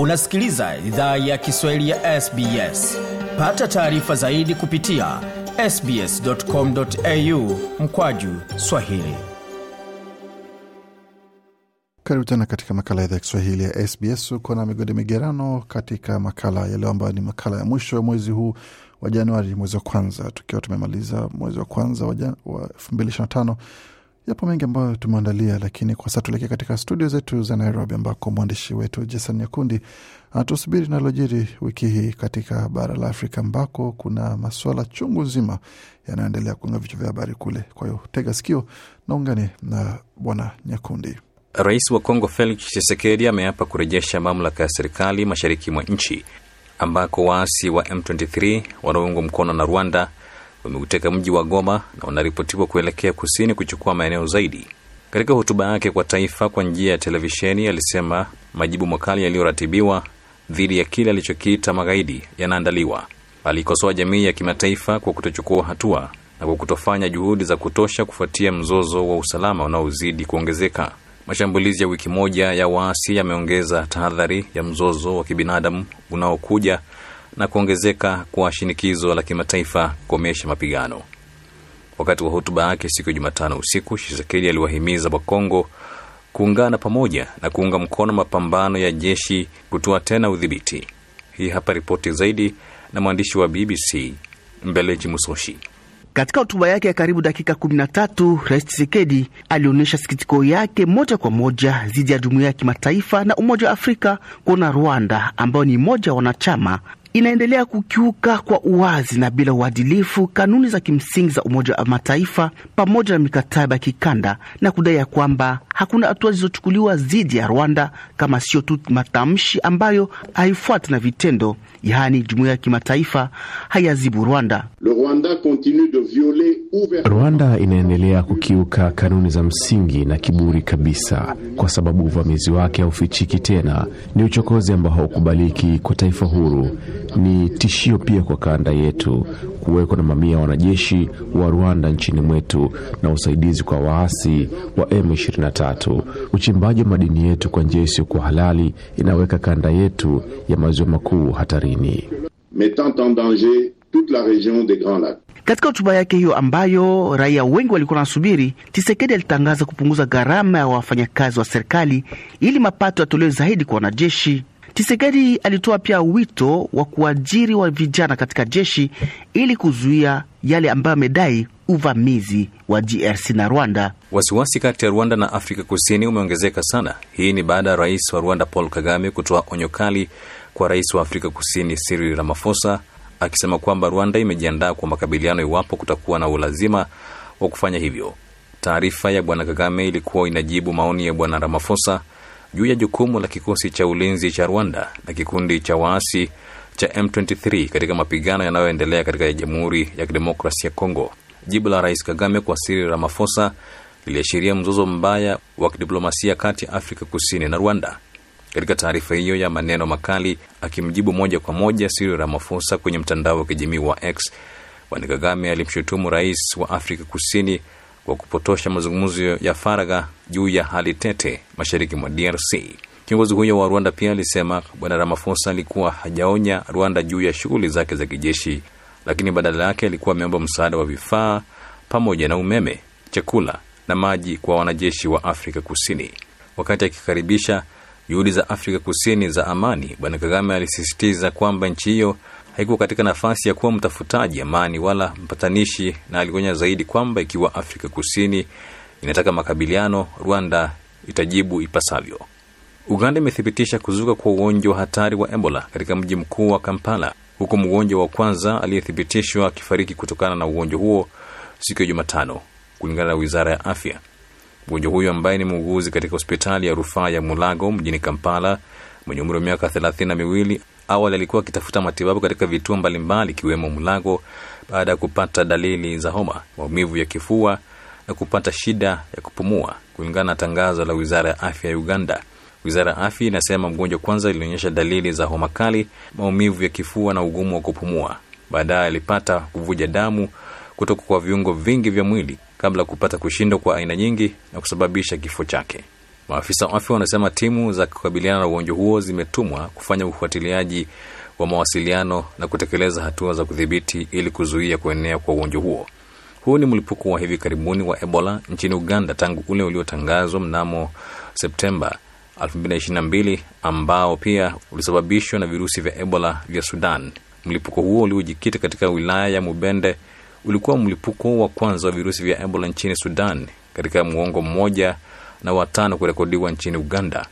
unasikiliza idhaa ya kiswahili ya sbs pata taarifa zaidi kupitia sbscomau mkwaju swahili karibu tena katika makala ya idhaa ya kiswahili ya sbs uko na migode migerano katika makala yaleo ambayo ni makala ya mwisho ya mwezi huu wa januari mwezi wa kwanza tukiwa tumemaliza mwezi wa kwanza wa 25 Yapo mengi ambayo tumeandalia, lakini kwa sasa tuelekee katika studio zetu za Nairobi ambako mwandishi wetu Jason Nyakundi anatusubiri nalojiri wiki hii katika bara la Afrika ambako kuna masuala chungu nzima yanayoendelea kuunga vichwa vya habari kule. Kwa hiyo tega sikio naungane na Bwana Nyakundi. Rais wa Kongo Felix Tshisekedi ameapa kurejesha mamlaka ya serikali mashariki mwa nchi ambako waasi wa M23 wanaoungwa mkono na Rwanda wameuteka mji wa Goma na wanaripotiwa kuelekea kusini kuchukua maeneo zaidi. Katika hotuba yake kwa taifa kwa njia ya televisheni, alisema majibu makali yaliyoratibiwa dhidi ya kile alichokiita magaidi yanaandaliwa. Alikosoa jamii ya kimataifa kwa kutochukua hatua na kwa kutofanya juhudi za kutosha kufuatia mzozo wa usalama unaozidi kuongezeka. Mashambulizi ya wiki moja ya waasi yameongeza tahadhari ya mzozo wa kibinadamu unaokuja na kuongezeka kwa shinikizo la kimataifa kukomesha mapigano. Wakati wa hotuba yake siku ya Jumatano usiku, Shisekedi aliwahimiza Wakongo kuungana pamoja na kuunga mkono mapambano ya jeshi kutoa tena udhibiti. Hii hapa ripoti zaidi na mwandishi wa BBC Mbeleji Musoshi. Katika hotuba yake ya karibu dakika 13 Rais chisekedi alionyesha sikitiko yake moja kwa moja dhidi ya jumuiya ya kimataifa na Umoja wa Afrika kuona Rwanda ambayo ni mmoja wa wanachama inaendelea kukiuka kwa uwazi na bila uadilifu kanuni za kimsingi za Umoja wa Mataifa pamoja na mikataba ya kikanda na kudai ya kwamba hakuna hatua zilizochukuliwa dhidi ya Rwanda kama sio tu matamshi ambayo haifuati na vitendo yaani jumuiya ya kimataifa hayazibu Rwanda. Rwanda inaendelea kukiuka kanuni za msingi na kiburi kabisa, kwa sababu uvamizi wake haufichiki tena. Ni uchokozi ambao haukubaliki kwa taifa huru, ni tishio pia kwa kanda yetu kuwekwa na mamia ya wanajeshi wa Rwanda nchini mwetu na usaidizi kwa waasi wa M23. Uchimbaji wa madini yetu kwa njia isiyokuwa halali inaweka kanda yetu ya maziwa makuu hatarini. Katika hotuba yake hiyo ambayo raia wengi walikuwa wanasubiri, Tshisekedi alitangaza kupunguza gharama ya wafanyakazi wa serikali ili mapato yatolewe zaidi kwa wanajeshi Tshisekedi alitoa pia wito wa kuajiri wa vijana katika jeshi ili kuzuia yale ambayo amedai uvamizi wa DRC na Rwanda. Wasiwasi kati ya Rwanda na Afrika Kusini umeongezeka sana. Hii ni baada ya rais wa Rwanda Paul Kagame kutoa onyo kali kwa rais wa Afrika Kusini Cyril Ramaphosa akisema kwamba Rwanda imejiandaa kwa makabiliano iwapo kutakuwa na ulazima wa kufanya hivyo. Taarifa ya bwana Kagame ilikuwa inajibu maoni ya bwana Ramaphosa juu ya jukumu la kikosi cha ulinzi cha Rwanda na kikundi cha waasi cha M23 katika mapigano yanayoendelea katika Jamhuri ya Kidemokrasia ya Kongo. Jibu la Rais Kagame kwa Cyril Ramaphosa liliashiria mzozo mbaya wa kidiplomasia kati ya Afrika Kusini na Rwanda. Katika taarifa hiyo ya maneno makali akimjibu moja kwa moja Cyril Ramaphosa kwenye mtandao wa kijamii wa X, Bwana Kagame alimshutumu rais wa Afrika Kusini kwa kupotosha mazungumzo ya faragha juu ya hali tete mashariki mwa DRC. Kiongozi huyo wa Rwanda pia alisema Bwana Ramaphosa alikuwa hajaonya Rwanda juu ya shughuli zake za kijeshi, lakini badala yake alikuwa ameomba msaada wa vifaa pamoja na umeme, chakula na maji kwa wanajeshi wa Afrika Kusini. Wakati akikaribisha juhudi za Afrika Kusini za amani, Bwana Kagame alisisitiza kwamba nchi hiyo haikuwa katika nafasi ya kuwa mtafutaji amani wala mpatanishi, na alionya zaidi kwamba ikiwa Afrika Kusini inataka makabiliano, Rwanda itajibu ipasavyo. Uganda imethibitisha kuzuka kwa ugonjwa hatari wa Ebola katika mji mkuu wa Kampala, huku mgonjwa wa kwanza aliyethibitishwa akifariki kutokana na ugonjwa huo siku ya Jumatano, kulingana na wizara ya afya. Mgonjwa huyo ambaye ni muuguzi katika hospitali ya rufaa ya Mulago mjini Kampala, mwenye umri wa miaka thelathini na miwili Awali alikuwa akitafuta matibabu katika vituo mbalimbali ikiwemo mlago baada ya kupata dalili za homa, maumivu ya kifua na kupata shida ya kupumua, kulingana na tangazo la Wizara ya Afya ya Uganda. Wizara ya Afya inasema mgonjwa kwanza ilionyesha dalili za homa kali, maumivu ya kifua na ugumu wa kupumua. Baadaye alipata kuvuja damu kutoka kwa viungo vingi vya mwili kabla ya kupata kushindwa kwa aina nyingi na kusababisha kifo chake. Maafisa wa afya wanasema timu za kukabiliana na ugonjwa huo zimetumwa kufanya ufuatiliaji wa mawasiliano na kutekeleza hatua za kudhibiti ili kuzuia kuenea kwa ugonjwa huo. Huu ni mlipuko wa hivi karibuni wa Ebola nchini Uganda tangu ule uliotangazwa mnamo Septemba 2022 ambao pia ulisababishwa na virusi vya Ebola vya Sudan. Mlipuko huo uliojikita katika wilaya ya Mubende ulikuwa mlipuko wa kwanza wa virusi vya Ebola nchini Sudan katika muongo mmoja na watano kurekodiwa nchini Uganda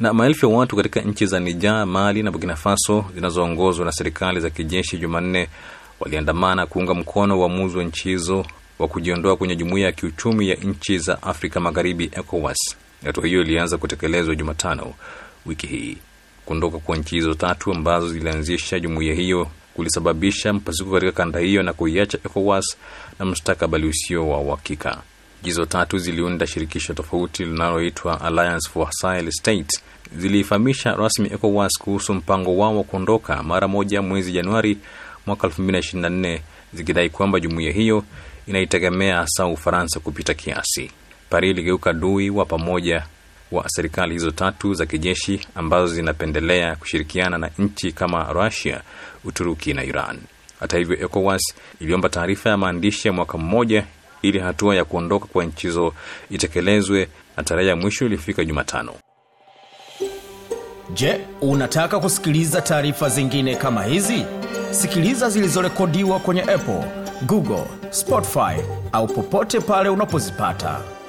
na maelfu ya watu katika nchi za Niger, Mali na Burkina Faso zinazoongozwa na serikali za kijeshi Jumanne waliandamana kuunga mkono uamuzi wa nchi hizo wa kujiondoa kwenye jumuiya ya kiuchumi ya nchi za Afrika Magharibi, ECOWAS. Hatua hiyo ilianza kutekelezwa Jumatano wiki hii. Kuondoka kwa nchi hizo tatu ambazo zilianzisha jumuiya hiyo kulisababisha mpasuko katika kanda hiyo na kuiacha ECOWAS na mustakabali usio wa uhakika. Hizo tatu ziliunda shirikisho tofauti linaloitwa Alliance for sil state Ziliifahamisha rasmi ECOWAS kuhusu mpango wao wa kuondoka mara moja mwezi Januari mwaka 2024 zikidai kwamba jumuiya hiyo inaitegemea hasa Ufaransa kupita kiasi. pari iligeuka dui wa pamoja wa serikali hizo tatu za kijeshi ambazo zinapendelea kushirikiana na nchi kama Russia, Uturuki na Iran. Hata hivyo, ECOWAS iliomba taarifa ya maandishi ya mwaka mmoja ili hatua ya kuondoka kwa nchi hizo itekelezwe na tarehe ya mwisho ilifika Jumatano. Je, unataka kusikiliza taarifa zingine kama hizi? Sikiliza zilizorekodiwa kwenye Apple, Google, Spotify au popote pale unapozipata.